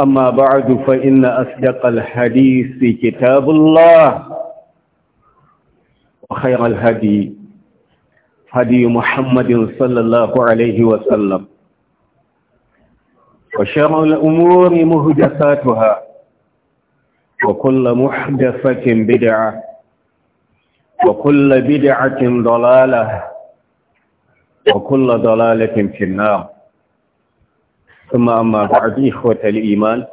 أما بعد فإن أصدق الحديث كتاب الله وخير الهدي هدي محمد صلى الله عليه وسلم وشر الأمور مهدفاتها وكل محدثة بدعة وكل بدعة ضلالة وكل ضلالة في النار ثم أما بعد إخوة الإيمان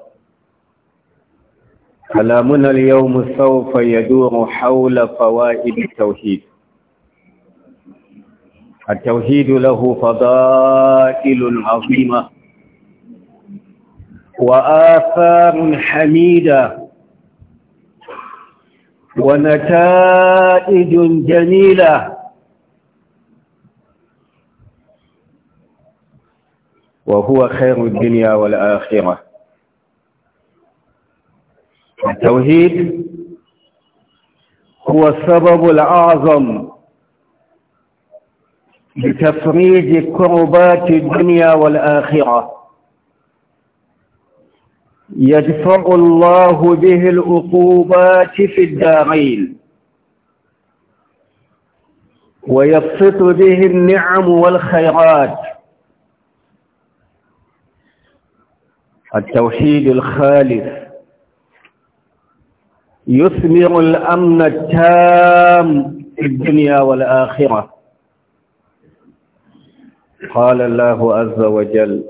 كلامنا اليوم سوف يدور حول فوائد التوحيد التوحيد له فضائل عظيمة وآثار حميدة ونتائج جميلة وهو خير الدنيا والآخرة التوحيد هو السبب الأعظم لتفريج كربات الدنيا والآخرة يدفع الله به العقوبات في الدارين ويبسط به النعم والخيرات التوحيد الخالص يثمر الأمن التام في الدنيا والآخرة قال الله عز وجل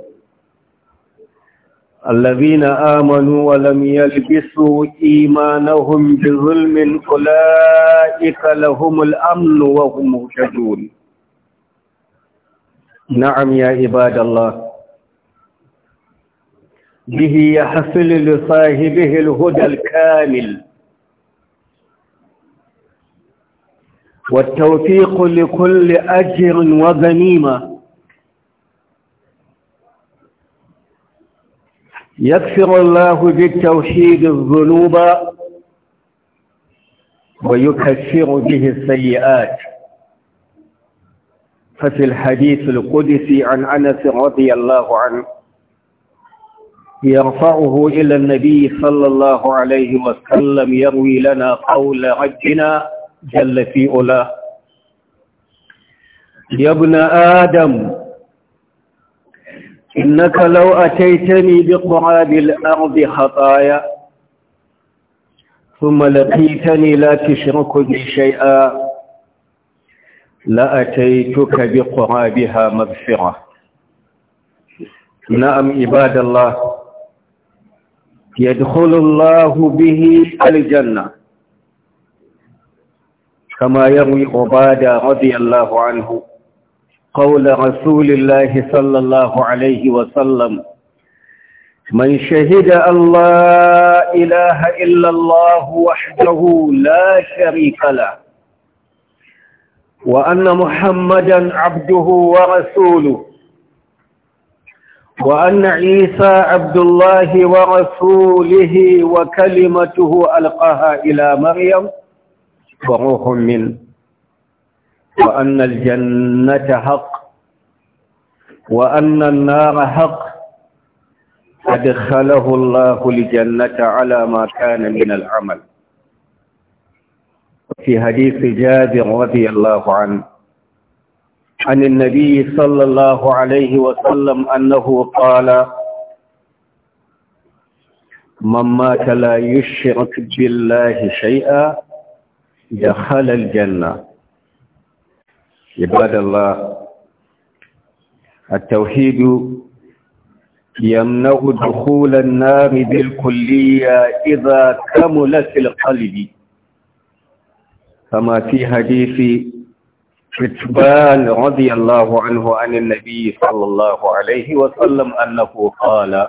الذين آمنوا ولم يلبسوا إيمانهم بظلم أولئك لهم الأمن وهم مهتدون نعم يا عباد الله به يحصل لصاحبه الهدى الكامل والتوفيق لكل أجر وغنيمة يكفر الله بالتوحيد الذنوب ويكفر به السيئات ففي الحديث القدسي عن أنس رضي الله عنه يرفعه إلى النبي صلى الله عليه وسلم يروي لنا قول ربنا جل في أولاه يا ابن آدم إنك لو أتيتني بقراب الأرض خطايا ثم لقيتني لا تشرك بي شيئا لأتيتك بقرابها مغفرة نعم عباد الله يدخل الله به الجنة كما يروي عبادة رضي الله عنه قول رسول الله صلى الله عليه وسلم من شهد أن لا إله إلا الله وحده لا شريك له وأن محمدا عبده ورسوله وأن عيسى عبد الله ورسوله وكلمته ألقاها إلى مريم وروح منه وأن الجنة حق وأن النار حق أدخله الله لجنة على ما كان من العمل في حديث جابر رضي الله عنه عن النبي صلى الله عليه وسلم أنه قال من مات لا يشرك بالله شيئا دخل الجنة عباد الله التوحيد يمنع دخول النار بالكلية إذا كملت القلب كما في حديث فتبان رضي الله عنه عن النبي صلى الله عليه وسلم أنه قال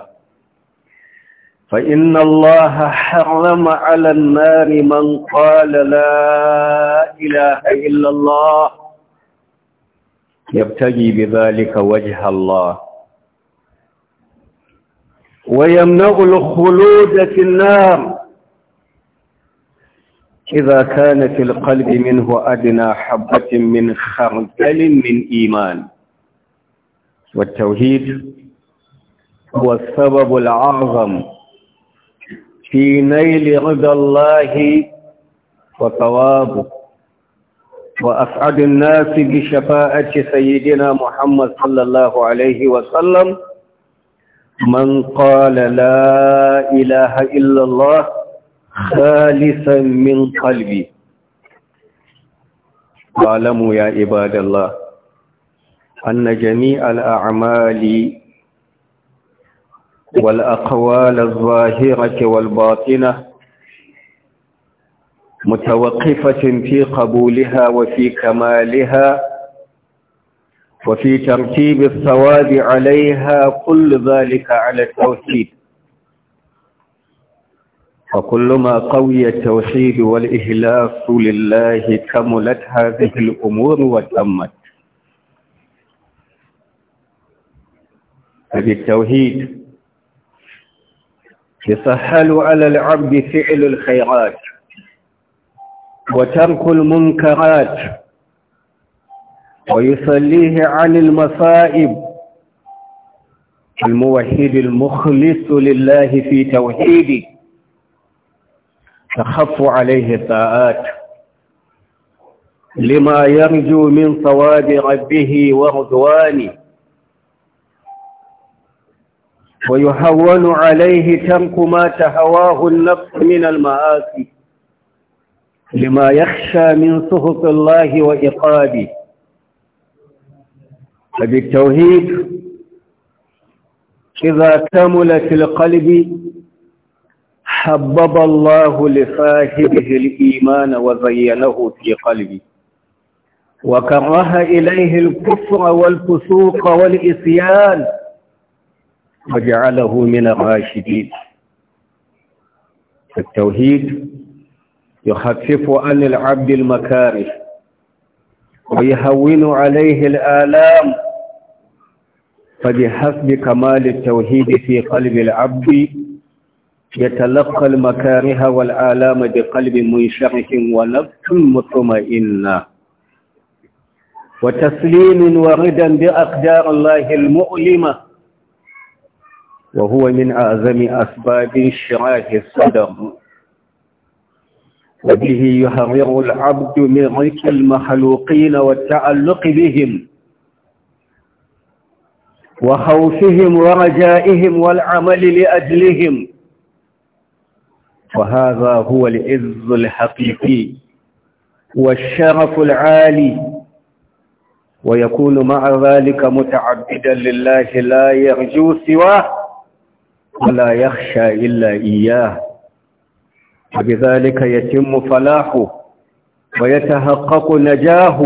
فإن الله حرم على النار من قال لا إله إلا الله يبتغي بذلك وجه الله ويمنع الخلود في النار إذا كان في القلب منه أدنى حبة من خردل من إيمان والتوحيد هو السبب الأعظم في نيل رضا الله وثوابه وأسعد الناس بشفاعة سيدنا محمد صلى الله عليه وسلم من قال لا إله إلا الله خالصا من قلبي اعلموا يا عباد الله أن جميع الأعمال والأقوال الظاهرة والباطنة متوقفة في قبولها وفي كمالها وفي ترتيب الثواب عليها كل ذلك على التوحيد فكلما قوي التوحيد والإهلاف لله كملت هذه الأمور وتمت هذه التوحيد يسهل على العبد فعل الخيرات وترك المنكرات ويصليه عن المصائب الموحد المخلص لله في توحيده تخف عليه الساءات لما يرجو من صواب ربه ورضوانه ويهون عليه ترك ما تهواه النفس من المآسي لما يخشى من سخط الله وإقابه فبالتوحيد إذا كملت القلب حبب الله لصاحبه الإيمان وزينه في قلبه وكره إليه الكفر والفسوق والإسيان وجعله من الراشدين التوحيد يخفف عن العبد المكاره ويهون عليه الآلام فبحسب كمال التوحيد في قلب العبد يتلقى المكاره والآلام بقلب منشرح ونفس مطمئنة وتسليم وردا بأقدار الله المؤلمة وهو من أعظم أسباب شراه الصدر وبه يحرر العبد من رك المخلوقين والتعلق بهم وخوفهم ورجائهم والعمل لأجلهم فهذا هو العز الحقيقي والشرف العالي ويكون مع ذلك متعبدا لله لا يرجو سواه ولا يخشى إلا إياه وبذلك يتم فلاحه ويتحقق نجاه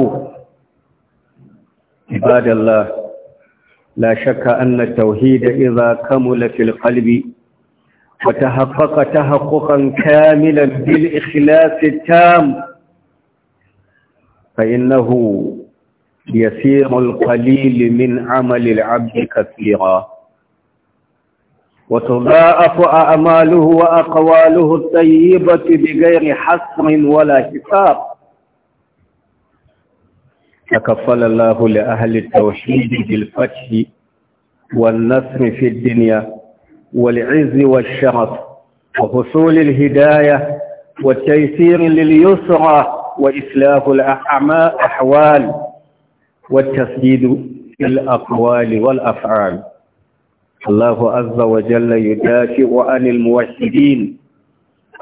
عباد الله لا شك أن التوحيد إذا كمل في القلب وتحقق تحققا كاملا بالإخلاص التام فإنه يسير القليل من عمل العبد كثيرا وتضاعف أعماله وأقواله الطيبة بغير حصر ولا حساب تكفل الله لأهل التوحيد بالفتح والنصر في الدنيا والعز والشرف وحصول الهداية والتيسير لليسرى وإسلاف الأحوال والتسديد في الأقوال والأفعال الله عز وجل يدافع عن الموحدين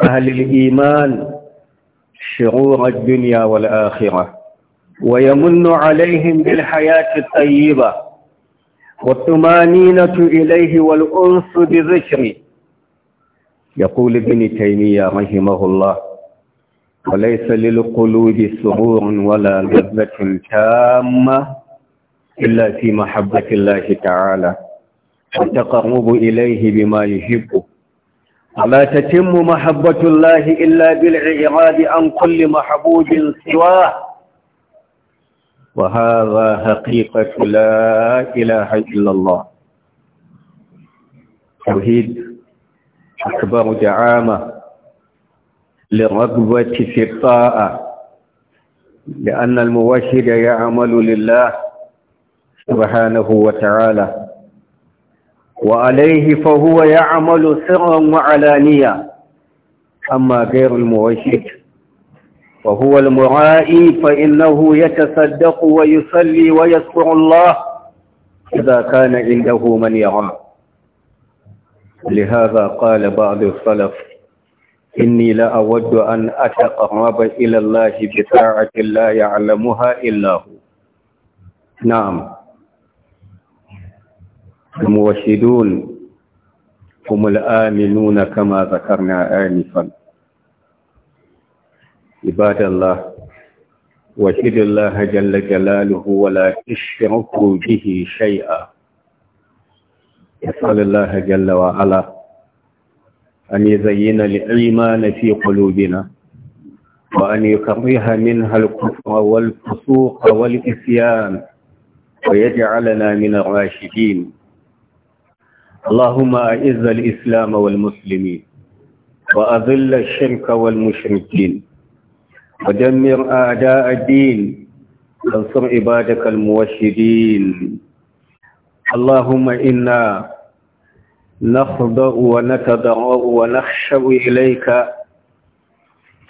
أهل الإيمان شرور الدنيا والآخرة ويمن عليهم بالحياة الطيبة والطمانينة إليه والأنس بذكره يقول ابن تيمية رحمه الله وليس للقلوب سرور ولا لذة تامة إلا في محبة الله تعالى والتقرب إليه بما يحبه ولا تتم محبة الله إلا بالإعراض عن كل محبوب سواه وهذا حقيقة لا إله إلا الله توحيد أكبر دعامة للرغبة في الطاعة لأن الموحد يعمل لله سبحانه وتعالى وعليه فهو يعمل سرا وعلانية أما غير الموحد وهو المعائي فإنه يتصدق ويصلي ويذكر الله إذا كان عنده من يراه لهذا قال بعض السلف إني لأود أن أتقرب إلى الله بساعة لا يعلمها إلا هو نعم الموشدون هم الآمنون كما ذكرنا آنفاً عباد الله وكد الله جل جلاله ولا تشركوا به شيئا يسأل الله جل وعلا أن يزين الإيمان في قلوبنا وأن يكره منها الكفر والفسوق والإسيان ويجعلنا من الراشدين اللهم أعز الإسلام والمسلمين وأذل الشرك والمشركين ودمر أعداء الدين وانصر عبادك الموحدين اللهم إنا نخضع ونتضرع ونخشو إليك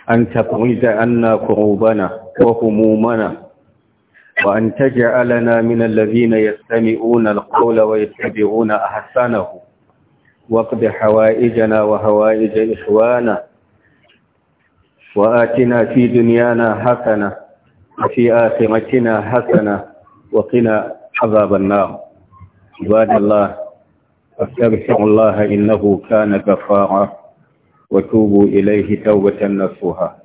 أن تفرج عنا كروبنا وهمومنا وأن تجعلنا من الذين يستمعون القول ويتبعون أحسنه واقض حوائجنا وهوائج اخواننا وآتنا في دنيانا حسنة وفي آخرتنا حسنة وقنا عذاب النار عباد الله أستغفر الله إنه كان غفارا وتوبوا إليه توبة نصوحا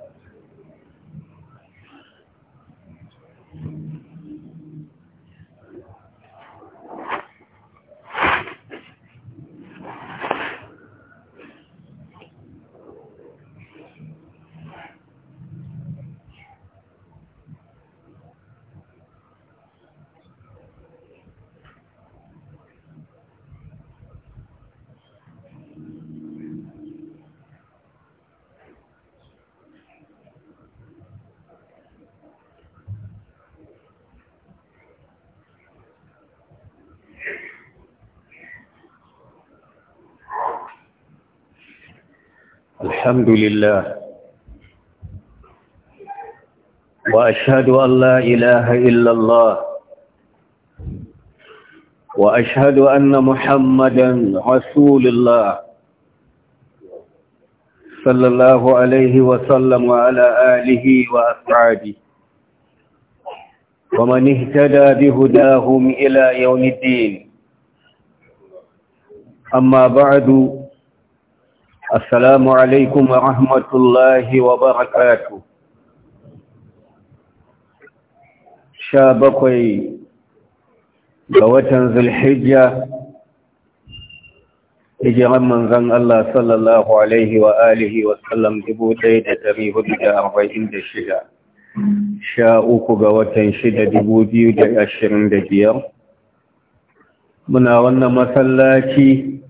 الحمد لله وأشهد أن لا إله إلا الله وأشهد أن محمدا رسول الله صلى الله عليه وسلم وعلى آله وأصحابه ومن اهتدى بهداهم إلى يوم الدين أما بعد السلام عليكم barakatu. الله bakwai ga watan Zulhija. الحجة hijiran manzan Allah sallallahu wa alihi wasallam dubu ɗaya da ɗari hudu da arba'in da shida, sha uku ga watan shida dubu biyu da ashirin da biyar. Muna wannan masallaci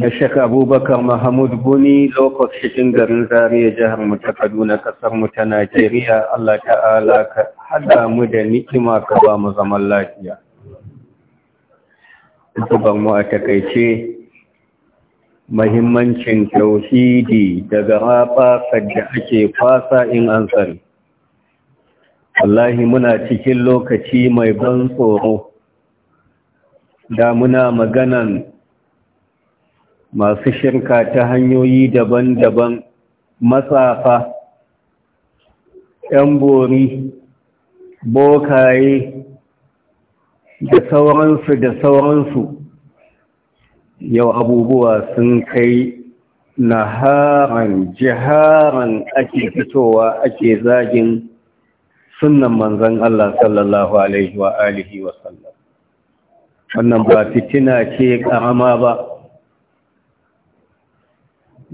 na shek abubakar mahamud buni lokacin garin zariya jihar mu ta kaduna kasar mu ta najeriya allah ta'ala ka hada mu da ni'ima ka ba mu zaman lafiya tuban mu a takaice mahimmancin tauhidi daga rafa da ake fasa in an tsari wallahi muna cikin lokaci mai ban tsoro da muna maganan masu shirka ta hanyoyi daban-daban matsafa ‘yan bori bokaye da sauransu da sauransu yau abubuwa sun kai naharan jiharan ake fitowa ake zagin sunan manzan Allah sallallahu Alaihi wa’alihi wasallam wannan ba fitina ce ƙarama ba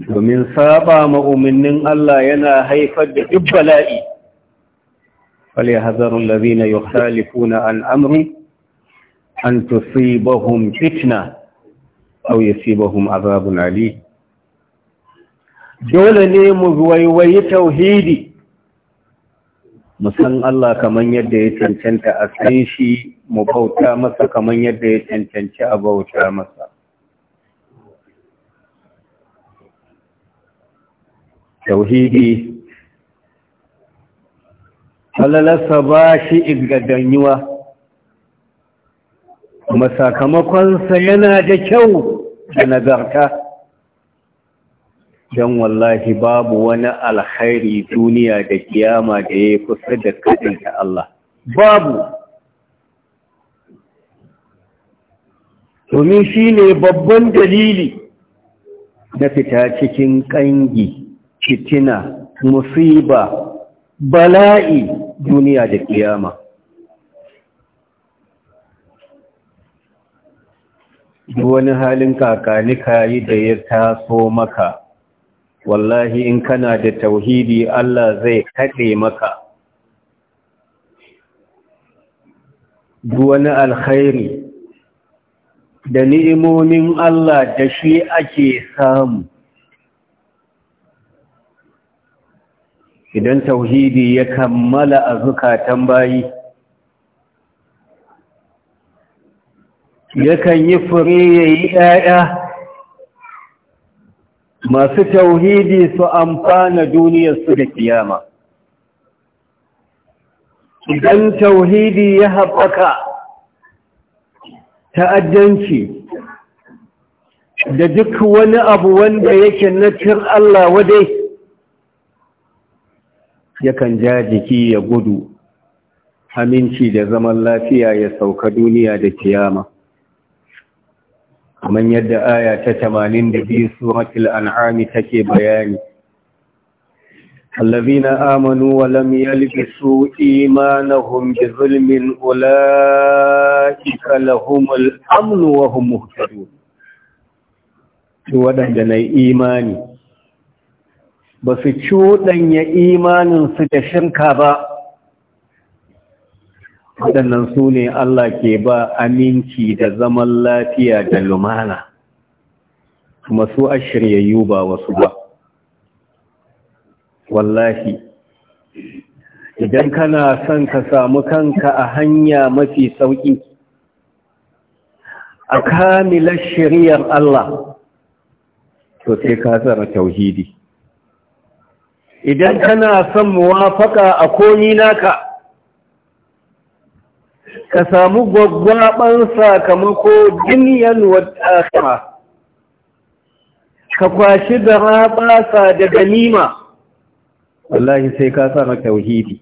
domin saba ma'uminnin Allah yana haifar da duk bala'i fal yahzarul ladina yukhalifuna an amri an tusibahum fitna aw yusibahum azabun ali dole ne mu waiwayi tauhidi musan Allah kaman yadda ya cancanta a san shi mu bauta masa kaman yadda ya cancanci a bauta masa tauhidi falalarsa ba shi ingaganyuwa kuma sakamakonsa yana da kyau da nazarta don wallahi babu wani alkhairi duniya da kiyama da ya kusa da ta Allah babu domin shi ne babban dalili na fita cikin ƙangi Kitina musiba bala'i duniya da kiyama wani halin kakani kayi da ya taso maka wallahi in kana da tauhidi Allah zai kaɗe maka wani alkhairi da ni'imomin Allah da shi ake samu idan tauhidi ya kammala a zukatan bayi yakan yi fure ya yi ɗaya masu tauhidi su amfana duniyar su da kiyama idan tauhidi ya haɓaka ta'addanci da duk wani abu wanda yake na cin Allah wadai yakan ja jiki ya gudu aminci da zaman lafiya ya sauka duniya da kiyama kamar yadda aya ta 82 suratul an'am take bayani allazina amanu wa lam yalbisu imanuhum bi zulmin ulai ka amnu wa hum muhtadun to wadanda nay imani ba su cuɗanya imaninsu da shirka ba waɗannan su ne Allah ke ba aminci da zaman lafiya da lumana kuma su a shiryayyu ba wasu ba wallahi idan kana son ka samu kanka a hanya mafi sauƙi a kamilar shiriyar Allah to sai ka zara tauhidi idan kana son muwafaka a komi naka ka samu gwaggwaban sakamako duniyan wata ka kwashi da rabasa da ganima wallahi sai ka sa tauhidi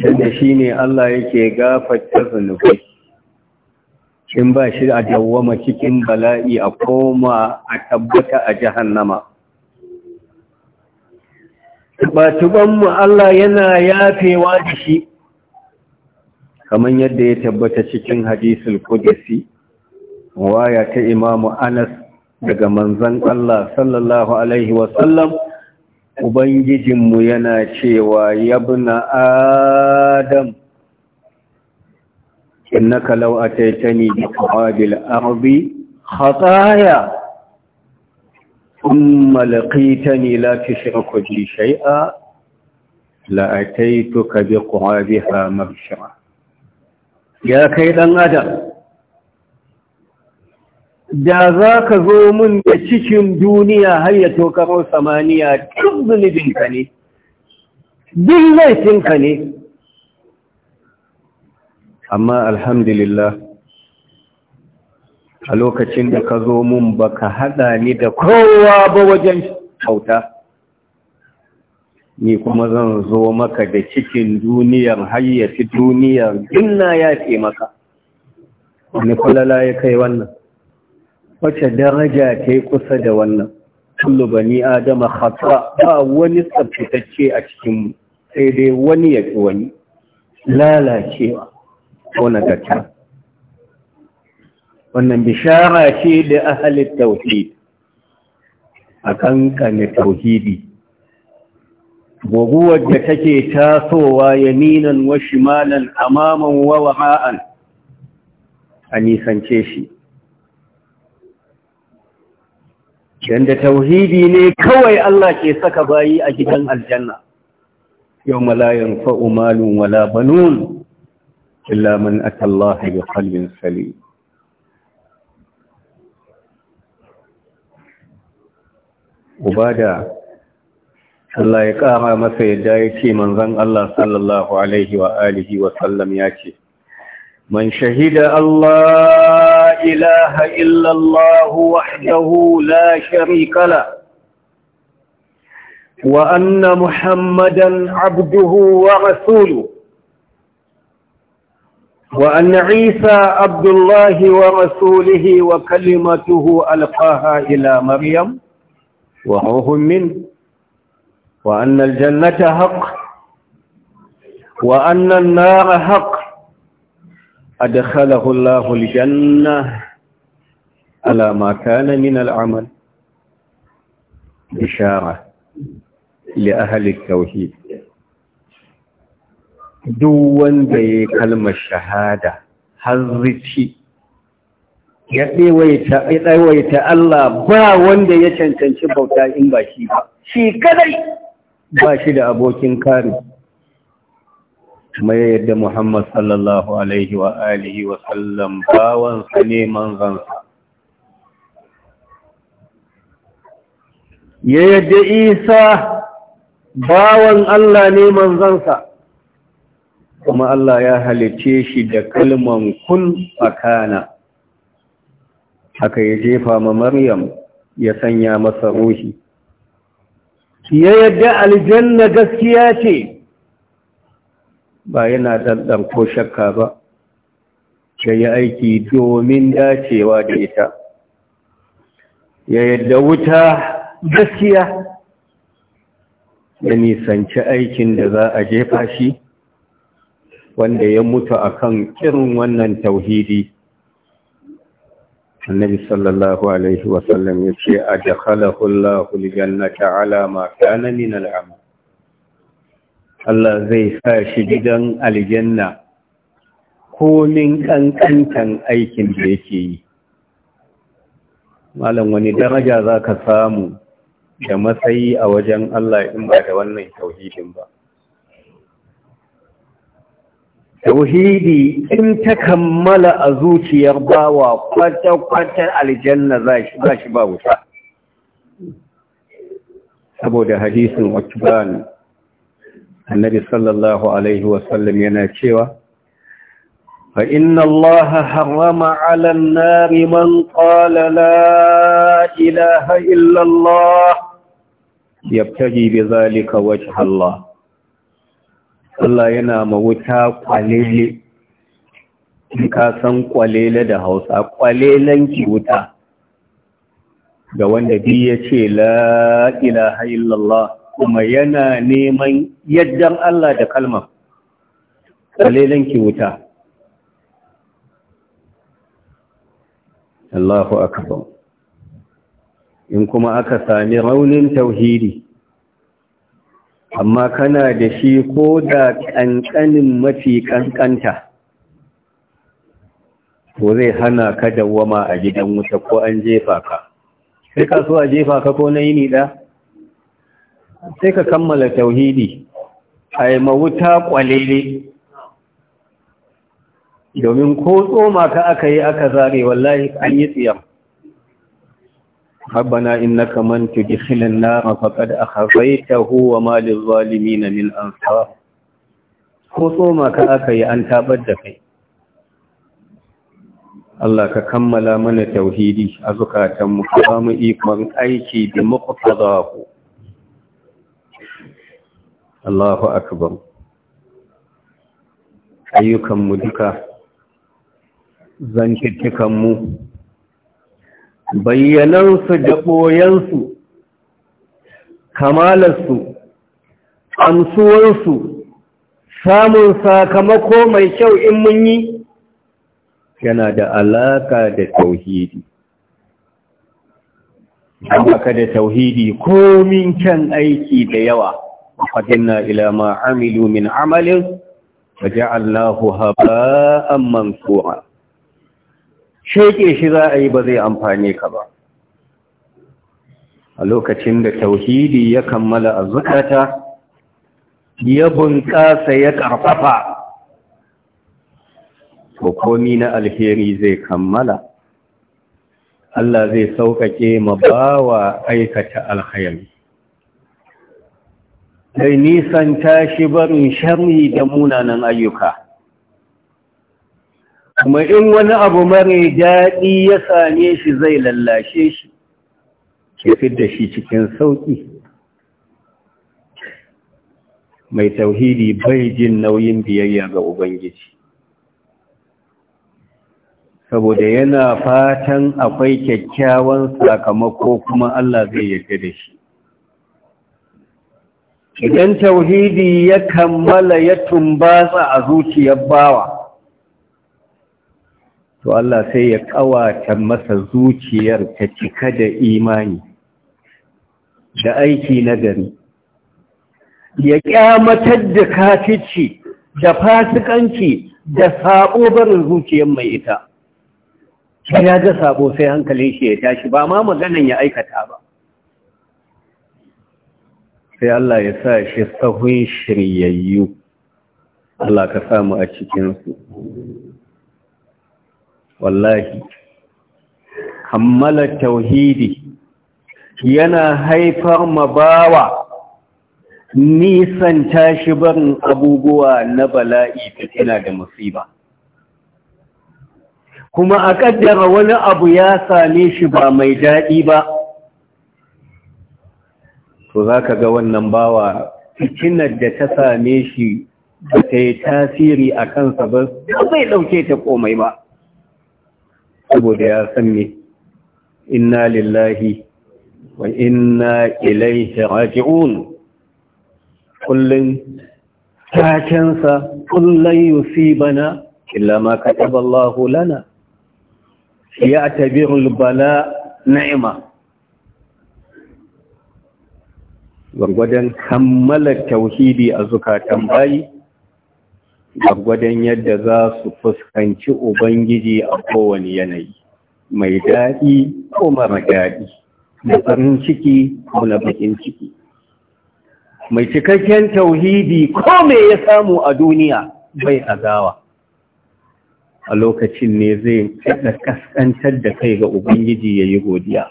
yadda shi ne Allah yake gafata zunubai in ba shi a dawwama cikin bala'i a koma a tabbata a jihannama tuba-tubanmu Allah yana yafewa da shi kamar yadda ya tabbata cikin hadisul kudisi waya ta imamu anas daga manzan Allah sallallahu alaihi wa sallam, ubangijinmu yana cewa yabna adam innaka law ataitani bi qabil ardi khataaya ummalakitani lati shirku ji shai'a la'ataitu ka bi kuwa bi hamar shira ya kai dan adam da za ka zo mun da cikin duniya har yă tokaro samaniya duk zunubinka ne duk laifinka ne amma alhamdulillah a lokacin da ka zo mun baka haɗa ni da kowa ba wajen hauta ni kuma zan zo maka da cikin duniyar hayyaci duniyar dinna ya ce maka wani kwalala ya kai wannan Wacce daraja ta yi kusa da wannan kullu bani adama khata ba wani tsabtacce a cikinmu sai dai wani ya wani lalacewa ko nagarta wannan bishara ce da ahalin tauhid a kankane tauhidi guguwar da take tasowa yaminan wa shimalan amaman wa waha'an a nisance shi yanda tauhidi ne kawai Allah ke saka bayi a gidan aljanna yau malayan fa'umalun wala banun illa man atallaha bi qalbin salim Ubada, da Allah ya ƙara masa yadda ya ce manzan Allah sallallahu Alaihi wa alihi wa sallam ya ce, Man shahida Allah ilaha illallahu wahdahu la sharika la wa anna Muhammadan abduhu wa rasulu. Wa anna وأن Abdullahi wa الله wa kalimatuhu alfaha ila Maryam. وخوف منه وأن الجنة حق وأن النار حق أدخله الله الجنة على ما كان من العمل بشارة لأهل التوحيد دون بي كلمة شهادة هزتي ya tsawaita Allah ba wanda ya cancanci bauta in ba shi ba shi kadai ba shi da abokin kari kuma ya yadda Muhammad sallallahu alaihi wa alihi wa sallam bawansa neman zansa. ya yadda Isa bawan Allah neman zansa. kuma Allah ya halice shi da kalman kun fakana haka ya jefa ma maryam ya sanya masa ruhi ya yadda aljanna gaskiya ce ba yana ɗanɗan ko shakka ba ya yi aiki domin dacewa da ita ya yadda wuta gaskiya ya nisanci aikin da za a jefa shi wanda ya mutu akan irin wannan tauhidi annabi sallallahu alaihi wasallam ya ce a dakhalahu Allahu aljannata ala ma kana Allah zai sa shi gidan aljanna komin ƙanƙantan aikin da yake yi malam wani daraja za ka samu da matsayi a wajen Allah in ba da wannan tauhidin ba tauhidi in ta kammala a zuciyar bawa kwata kwata aljanna za shi ba wuta saboda hadisin utban annabi sallallahu alaihi wasallam yana cewa fa inna allaha harrama ala an-nari man qala la ilaha illa allah yabtaji bi dhalika wajha allah Allah yana ma wuta kwalele ka san kwalele da hausa ki wuta ga wanda bi ya ce la ilaha illallah kuma yana neman yaddan Allah da kalmar ki wuta Allahu akbar in kuma aka sami raunin tauhidi amma kana da shi ko da ƙanƙanin mafi ƙanƙanta Ko zai hana ka dawama a gidan wuta ko an jefa ka sai ka so a jefa ka ko na yi ɗa sai ka kammala tauhidi a yi mawuta ƙwalele domin ko tsoma ka aka yi aka zare wallahi an yi tsiyam ربنا إنك من تدخل النار فقد أخفيته وما للظالمين من أنصار خصوما كأكي أن تابدك الله ككمل من توحيدي أزكاة محرام إيقمن أيكي بمقتضاه الله أكبر أيكم مدكا زنكتكم مدكا bayyanansu da ɓoyensu kamalarsu amsuwarsu samun sakamako mai kyau in mun yi yana da alaka da tauhidi alaka da tauhidi komin kyan aiki da yawa fadinna ila ma amilu min amalin waje Allahu haba'an mansura sheke shi za a yi ba zai amfani ka ba a lokacin da tauhidi ya kammala a zukata ya bunƙasa ya ƙarfafa to na alheri zai kammala Allah zai sauƙaƙe ma bawa aikata alhairi dai nisan tashi barin sharri da munanan ayyuka kuma in wani abu mara daɗi ya same shi zai lallashe shi ya da shi cikin sauƙi mai tauhidi bai jin nauyin biyayya ga ubangiji saboda yana fatan akwai kyakkyawan sakamako kuma Allah zai yake da shi idan tauhidi ya kammala ya tumbatsa a zuciyar bawa to Allah sai ya kawata masa zuciyar ta cika da imani da aiki na gari. ya kyamatar da kafici da fasikanci da sabo barin zuciyar mai ita sai ya ga sabo sai hankalin shi ya tashi ba ma maganan ya aikata ba sai Allah ya sa shi sahun shiryayyu Allah ka samu a cikinsu wallahi kammala tauhidi yana haifar mabawa nisan tashi barin abubuwa na bala'i fitina da musiba kuma a kaddara wani abu ya same shi ba mai daɗi ba to za ka ga wannan bawa fitinar da ta same shi ba ta yi tasiri a kansa ba zai ɗauke ta komai ba saboda ya san ni, inna lillahi wa inna ilaihi raji'un kullun takensa kullun yusibana illa ma kataba lana ya'tabiru al-bala ni'ma gwargwadon kammala tauhidi a zukatan bayi gwargwadon yadda za su fuskanci ubangiji a kowane yanayi mai daɗi ko mara daɗi da farin ciki ko na bakin ciki mai cikakken tauhidi ko me ya samu a duniya bai azawa a lokacin ne zai da kaskantar da kai ga ubangiji ya yi godiya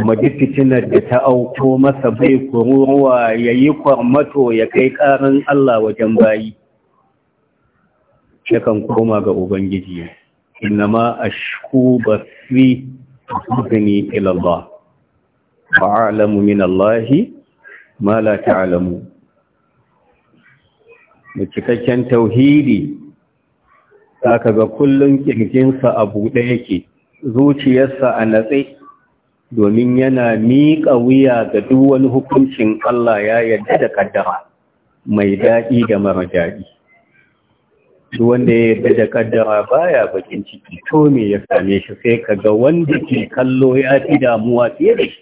kuma duk fitinar da ta auko masa bai kururuwa ya yi kwarmato ya kai ƙarin Allah wajen bayi yakan koma ga Ubangiji ma a shiku ba fi tuzini ila ba. a a'lamu min Allahi, ma la alamu. da cikakken tauhidi ka ga kullum ƙirginsa a buɗe yake zuciyarsa a natse domin yana miƙa wuya ga duk wani hukuncin Allah ya yarda da kaddara mai daɗi da mara daɗi duk wanda ya yarda da kaddara baya bakin ciki to me ya same shi sai ka ga wanda ke kallo ya fi damuwa fiye da shi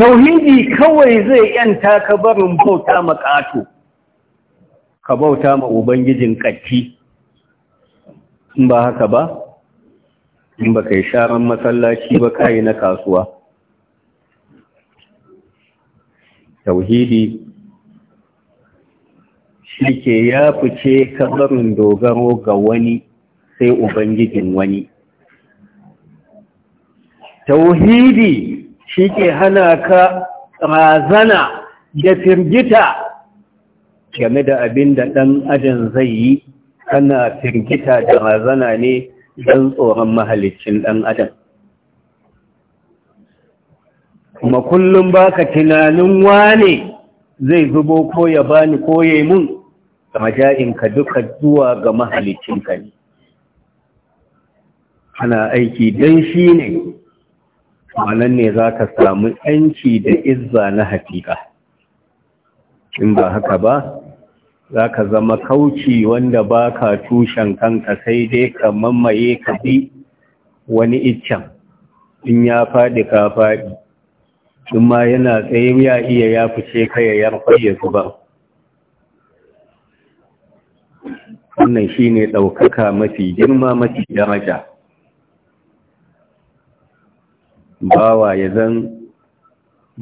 tauhidi kawai zai yanta ka barin bauta ƙato, ka bauta ma ubangijin katti in ba haka ba in ba ka yi sharan masallaci ba kayi na kasuwa tauhidi shi ke ya fice kamarin dogaro ga wani sai ubangijin wani tauhidi shi ke hana ka razana da firgita game da abin da ɗan ajin zai yi kana firgita da razana ne don tsoron mahalicin ɗan adam kuma kullum baka tunanin wane zai zubo ko ya bani ko ya mun maja'inka duka zuwa ga mahalicinka ne ana aiki don shi ne wannan ne za ka samu ‘yanci da izza na hakika in ba haka ba za ka zama kauci wanda ba ka tushen kanka sai dai ka mamaye ka bi wani iccen in ya faɗi ka faɗi in ma yana tsaye ya iya ya fice ka ya ya zuba wannan shi ne ɗaukaka mafi girma mafi daraja bawa ya zan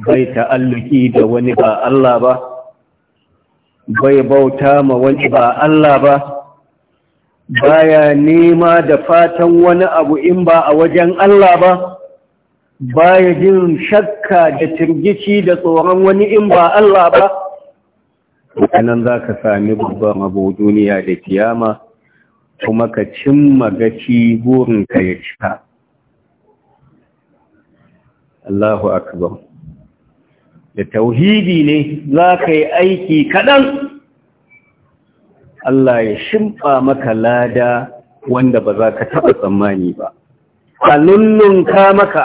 bai ta'alluki da wani ba Allah ba bai bauta ma wani ba Allah ba baya nema da fatan wani abu in ba a wajen Allah ba baya jin shakka da turgici da tsoron wani in ba Allah ba nan za ka sami babban abu duniya da kiyama kuma ka cimma gaci ka ya cika Allahu akbar da tauhidi ne za ka yi aiki kaɗan Allah ya shimfa maka lada wanda ba za ka taɓa tsammani ba ka lullunka maka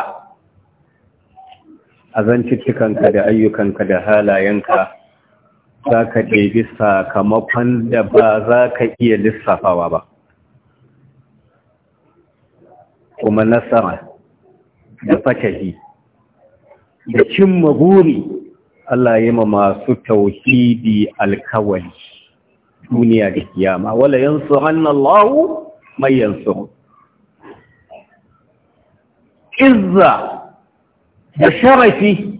a zancittukanka da ayyukanka da halayenka za ka ɗebi sakamakon da ba za ka iya lissafawa ba kuma nasara da fatahi da cimma buri Allah ya ma masu tauhidi alkawali duniya da kiyama wala hannun Allahu may su. izza da sharafi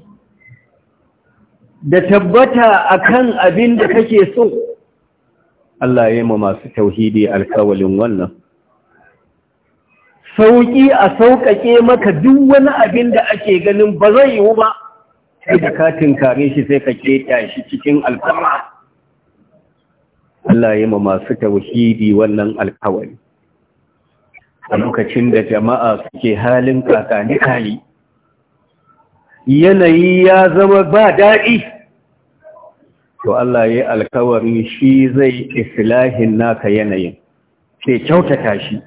da tabbata akan abin da kake so Allah ya ma masu tauhidi alkawalin wannan sauki a sauƙaƙe maka duk wani abin da ake ganin ba zai yiwu ba Sai da katin kare shi sai ka keta shi cikin alfarma Allah ya ma masu tauhidi wannan alkawari a lokacin da jama'a suke halin kakani yanayi ya zama ba daɗi to Allah ya alkawari shi zai islahin naka yanayin sai kyautata shi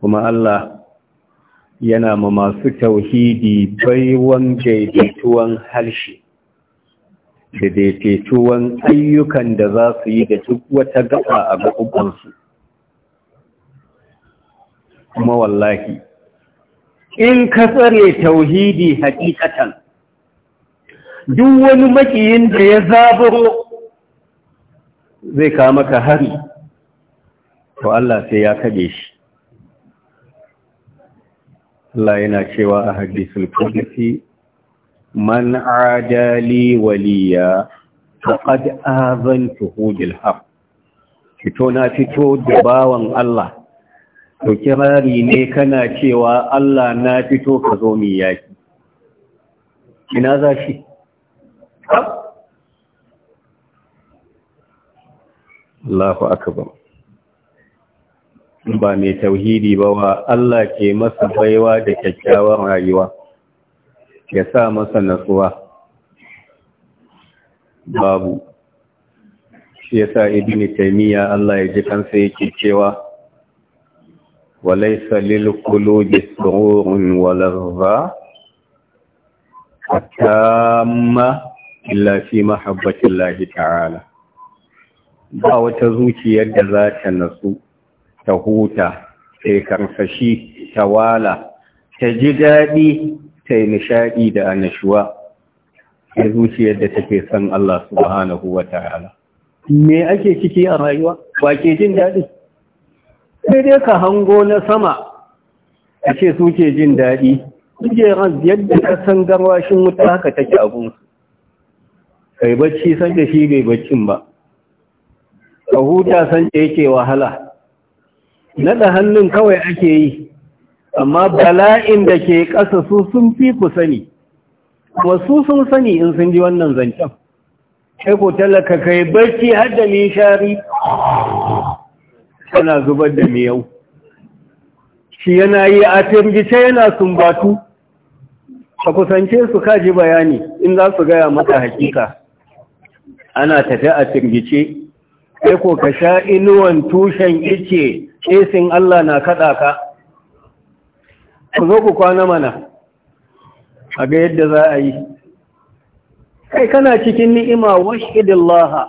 kuma Allah yana ma masu tauhidi baiwan daidaituwan harshe da daidaituwan ayyukan da za su yi da duk wata gaba a gaɓuɓansu kuma wallahi in ka tsare tauhidi hakikatan duk wani makiyin da ya zaburo zai kama ka hari to Allah sai ya kaɗe shi Allah yana cewa a hadisul qudsi man adali waliya faqad azantuhu bil haqq fito na fito da bawan Allah to kirari ne kana cewa Allah na fito ka zo mi yaki ina za shi Allahu akbar ba mai tauhidi ba wa Allah ke masa baiwa da kyakkyawar rayuwa ya sa masa natsuwa babu shi ya sa taimiyya Allah ya ji kansa yake cewa salil walaisa lil qulubi sururun walarza tamma lafi mahabbacin lahi ta'ala ba wata zuciyar da za ta natsu ta huta ta karsashi ta wala ta ji daɗi ta yi nishaɗi da annashuwa ya zuciyar da take son Allah subhanahu wa ta'ala me ake ciki a rayuwa ba ke jin daɗi sai dai ka hango na sama a ce su ke jin daɗi ran yadda ka san garwashin wuta haka take abun kai bacci san shi bai baccin ba ka huta san da yake wahala naɗa hannun kawai ake yi amma bala'in da ke ƙasa su sun fi ku sani kuma su sun sani in sun ji wannan zancen sai ku talaka kai barci har da shari yana zubar da miyau shi yana yi a firgice yana sumbatu ka kusance su kaji bayani in za su gaya mata hakika ana tafi a firgice sai ko ka sha inuwan tushen ice kesin Allah na kaɗa ka ku zo ku kwana mana a ga yadda za a yi kai kana cikin ni'ima washidillaha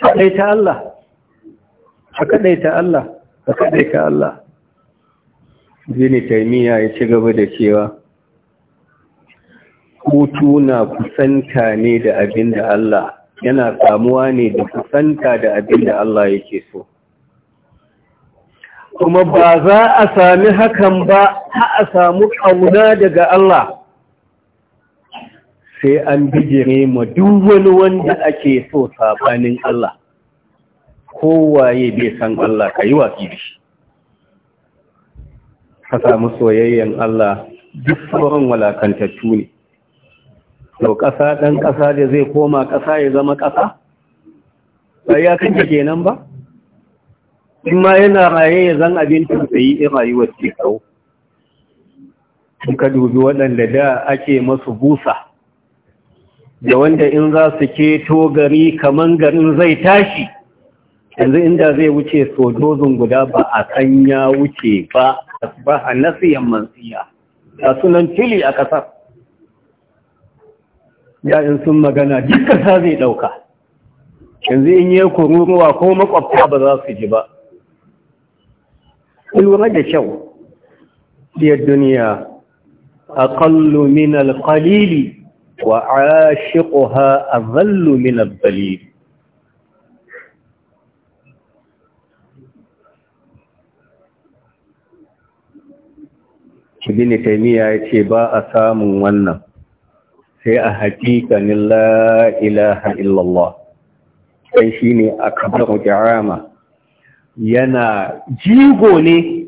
kaɗaita Allah kaɗaita Allah ka kaɗaita Allah zini taimiyya ya ci gaba da cewa hutu na kusanta ne da abin da Allah yana kamuwa ne da kusanta da abin da Allah yake so kuma ba za a sami hakan ba a samu ƙauna daga Allah sai an bijire ma duk wani wanda ake so sabanin Allah kowaye bai san Allah ka yi waƙi da shi ka samu soyayyen Allah duk sauran walakantattu ne to ƙasa ɗan ƙasa da zai koma ƙasa ya zama ƙasa ba ya kanke kenan ba in ma yana raye ya zan abincin sayi in rayuwar ce kawo ka dubi waɗanda da ake masu busa da wanda in za su keto gari kaman garin zai tashi yanzu inda zai wuce sojojin guda ba a kan ya wuce ba ba a nasiyan mansiya a sunan fili a ƙasar yayin sun magana duk ƙasa zai ɗauka yanzu in yi kururuwa ko makwabta ba za su ji ba lura da kyau diyar duniya aqallu min alqalili wa ashiquha adhallu min adhalil ibn taymiya yace ba a samun wannan sai a hakikanin ni la'ilaha illallah sai shine akbaru kirama yana jigo ne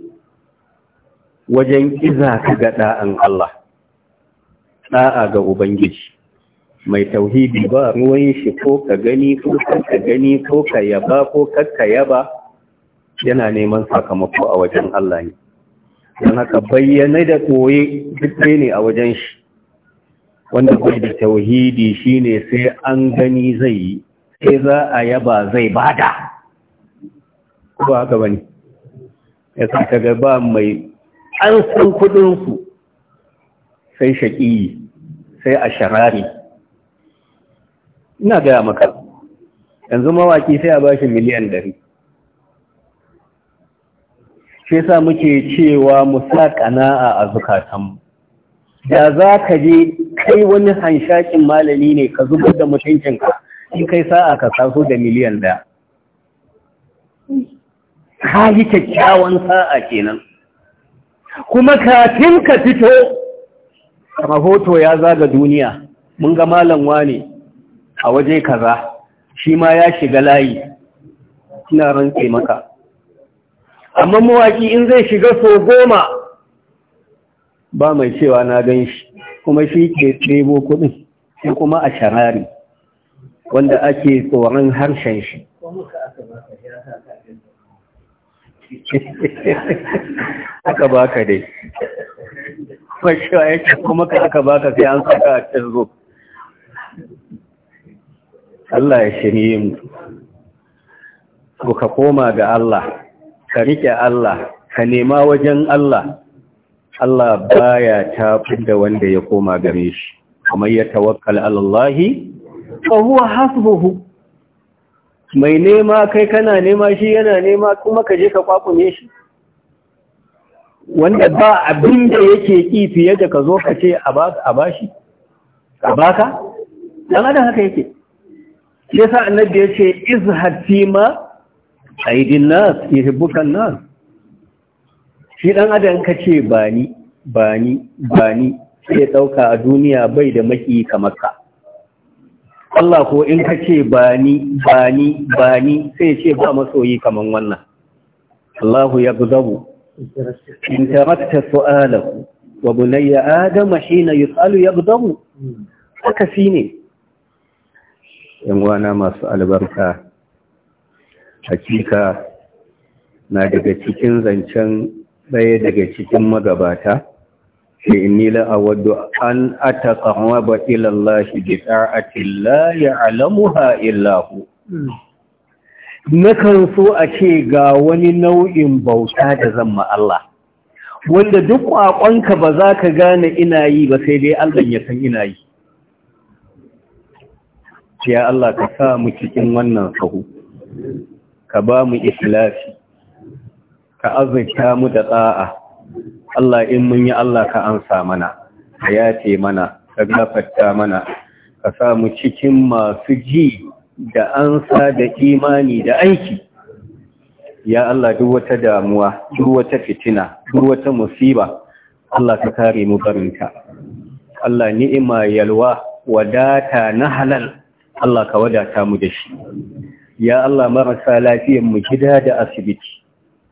wajen iza ka ga ɗa'an Allah ɗa'a ga Ubangiji mai tauhidi ba ruwan shi ko ka gani ko ka gani ko ka yaba ko kakka yaba yana neman sakamako a wajen Allah ne don haka bayyana da koye duk ne a wajen shi wanda bai da tauhidi shine sai an gani zai yi sai za a yaba zai bada ba haka bane ya sa ka ga ba mai an san kudinsu sai shaƙi sai a sharari ina gaya maka yanzu mawaki sai a bashi miliyan ɗari shi sa muke cewa mu a zukatanmu da za ka je kai wani hanshakin malami ne ka zubar da mutuncinka in kai sa'a ka kaso da miliyan ɗaya ka yi kyakkyawan sa'a kenan kuma kafin ka fito rahoto ya zaga duniya mun ga malam wane a waje kaza shi ma ya shiga layi ina rantse maka amma mawaki in zai shiga so goma ba mai cewa na gan shi kuma shi ke tsebo kudin sai kuma a sharari wanda ake tsoron harshen shi aka baka dai yake kuma ka aka baka sai an saka a cikin Allah ya shirye mu ka koma ga Allah ka rike Allah ka nema wajen Allah Allah baya tafi da wanda ya koma gare shi kamar ya tawakkal alallahi fa huwa hasbuhu mai nema kai kana nema shi yana nema kuma ka je ka kwakune shi wanda ba abin da yake ki fiye da ka zo ka ce a ba shi a baka dan adam haka yake ya sa annabi ya ce izhad ma aidin nas nas shi dan adam ka ce ba ni ba ni ba ni sai dauka a duniya bai da maki kamar ka Allah ko in ka ce ba ni ba ni ba ni sai ce ba masoyi kaman wannan Allahu ya zabu! in su su'alahu wa bunayya adama yi yus'alu ya guzabu haka shi ne yan wana masu albarka hakika na daga cikin zancen ɗaya daga cikin magabata inni la awaddu an ataqarraba ila Allah bi ta'ati la ya'lamuha illa hu nakan so a ce ga wani nau'in bauta da zan ma Allah wanda duk kwakonka ba za ka gane ina yi ba sai dai Allah ya san ina yi ya Allah ka sa mu cikin wannan sahu ka ba mu ikhlasi ka azurta mu da tsa'a Allah in mun yi Allah ka ansa mana ka yace mana ka gafarta mana ka sa mu cikin masu ji da ansa da imani da aiki ya Allah duk wata damuwa duk wata fitina duk wata musiba Allah ka kare mu barinta Allah ni'ima yalwa wadata na halal Allah ka wadata mu da shi ya Allah marasa lafiyar mu gida da asibiti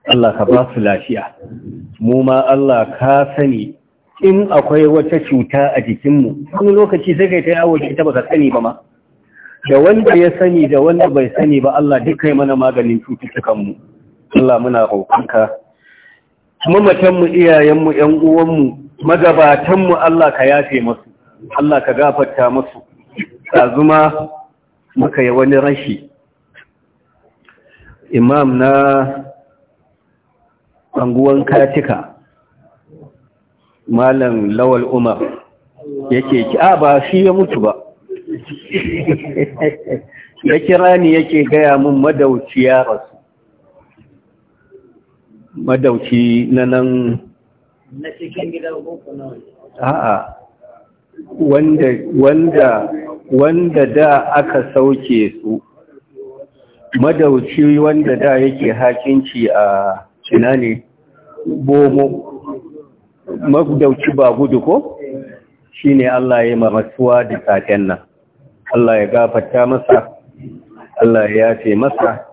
Allah ka ba su lafiya mu ma Allah ka sani in akwai wata cuta a jikinmu wani lokaci sai kai ta yawo shi ta baka sani ba ma da wanda ya sani da wanda bai sani ba Allah duk kai mana maganin cututtukanmu Allah muna roƙonka Mu matanmu iyayenmu ƴan uwanmu magabatanmu Allah ka yafe musu Allah ka gafarta musu tsazuma muka yi wani rashi imam na anguwan katika malam lawal umar yake ki ah, a ba shi ya mutu ba ya kira ni yake gaya min madauci ya rasu madauci na nan na cikin gidan boko na a'a wanda wanda wanda da aka sauke su madauci wanda da yake hakinci a ina bomo magdauci ba gudu ko shi ne Allah ya marasuwa da saken nan Allah ya gafata masa Allah ya yafe masa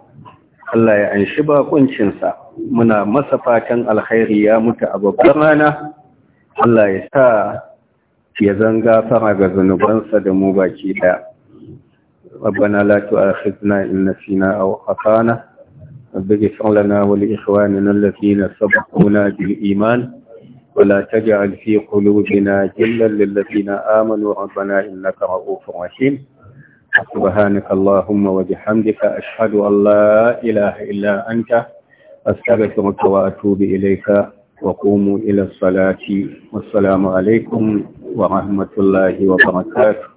Allah ya anshi bakuncinsa muna masa fatan alkhairi ya mutu a babbar rana Allah ya sa ya zanga fara ga zunubansa da mu baki daya ربنا لا تؤاخذنا إن نسينا أو أخطانا رب اشع لنا ولإخواننا الذين سبقونا بالإيمان ولا تجعل في قلوبنا جلا للذين آمنوا ربنا إنك رؤوف رحيم سبحانك اللهم وبحمدك أشهد أن لا إله إلا أنت أستغفرك وأتوب إليك وقوموا إلى الصلاة والسلام عليكم ورحمة الله وبركاته